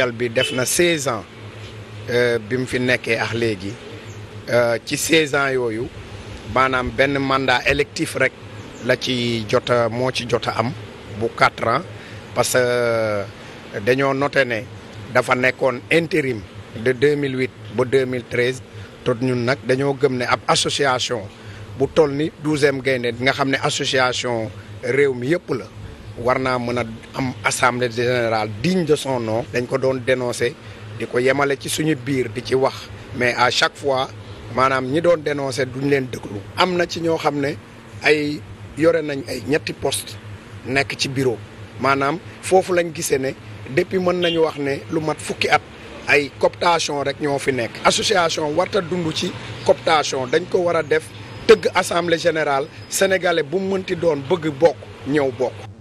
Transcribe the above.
actuelle bi def na 16 ans euh, bi mu fi nekkee ak léegi euh, ci 16 ans yooyu maanaam benn mandat électif rek la ci jot a moo ci jot a am bu quatre ans parce que euh, dañoo noté ne dafa nekkoon intérim de mille 2008 ba mille 2013 tot ñun nag dañoo gëm ne ab association bu toll ni douzième gaynde nga xam ne association réew mi yëpp la war naa mën a am assemblée général digne de dañ ko doon dénoncé di ko yemale ci suñu biir di ci wax mais à chaque fois maanaam ñi doon dénoncé duñ leen déglu. am na ci ñoo xam ne ay yore nañ ay ñetti poste nekk ci bureau maanaam foofu lañ gisee ne depuis mën nañu wax ne lu mat fukki at. ay cooptation rek ñoo fi nekk association warta dund ci cooptation dañ ko war a def tëgg assemblée générale sénégalais bu mënti doon bëgg bokk ñëw bokk